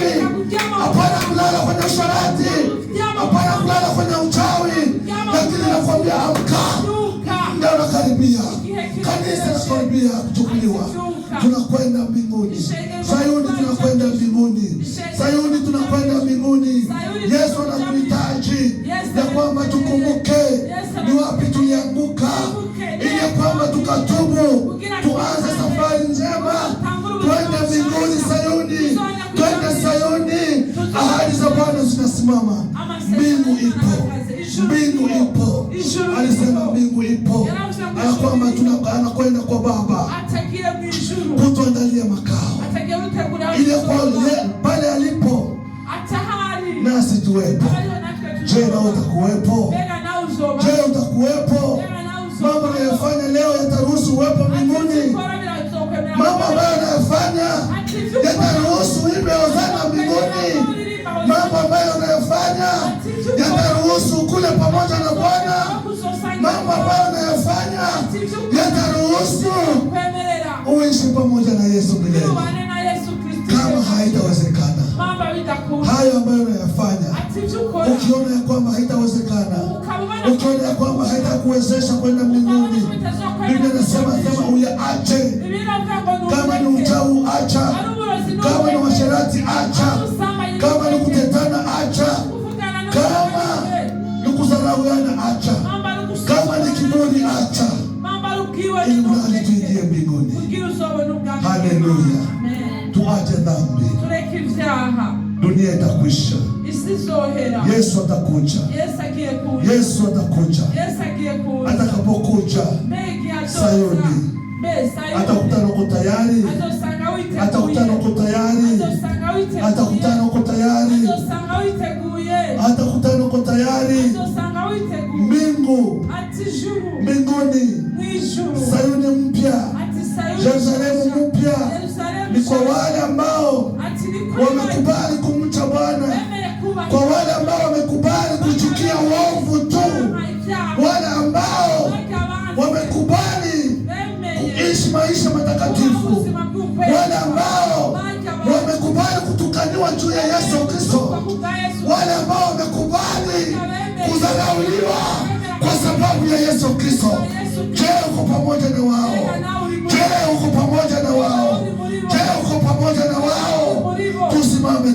dhambi, hapana kulala kwenye usharati, hapana kulala kwenye uchawi. Lakini nakwambia amka, ndio nakaribia kanisa, nakaribia kuchukuliwa, tunakwenda mbinguni. Sayuni tunakwenda mbinguni, Sayuni tunakwenda mbinguni. Yesu anakuhitaji ya kwamba tukumbuke ni wapi tulianguka, ili kwamba tukatu umesimama, mbingu ipo, mbingu ipo. Alisema mbingu ipo ya kwamba anakwenda kwa Baba kutuandalia makao ile pale alipo, nasi tuwepo. Je, nawe utakuwepo? Je, utakuwepo? Mambo nayofanya leo yataruhusu uwepo mbinguni? ukienda pamoja na Bwana, mambo ambayo unayofanya yataruhusu uishi pamoja na Yesu milele. Kama haitawezekana hayo ambayo unayafanya, ukiona ya kwamba haitawezekana, ukiona ya kwamba haitakuwezesha kwenda mbinguni, Biblia inasema sema uyaache. Kama ni uchawi acha, kama ni washerati acha acha, kama ni kiburi acha, ili mradi tuingie mbinguni. Haleluya! Tuache dhambi, dunia itakwisha. Yesu atakuja, Yesu atakuja. Atakapokuja Sayuni atakutana uko tayari, atakutana uko tayari, atakutana uko tayari, atakutana uko tayari. Mungu mbinguni, Sayuni mpya, Yerusalemu mpya, ni kwa wale ambao wamekubali kumcha Bwana, kwa wale ambao wamekubali kuchukia uovu tu, oh wale ambao oh wamekubali kuishi maisha matakatifu, wale ambao oh wamekubali kutukaniwa juu ya Yesu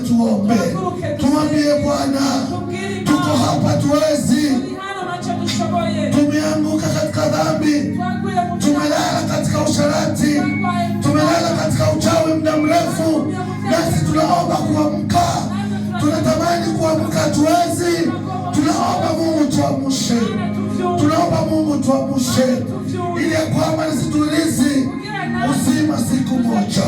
tuombe, tuambie Bwana, tuko hapa, tuwezi, tumeanguka katika dhambi, tumelala katika usharati, tumelala katika uchawi muda mrefu, nasi tunaomba kuamka, tunatamani kuamka, tuwezi. Tunaomba Mungu tuamushe tunaomba Mungu tuamushe ili ya kwamba nisitulizi uzima siku moja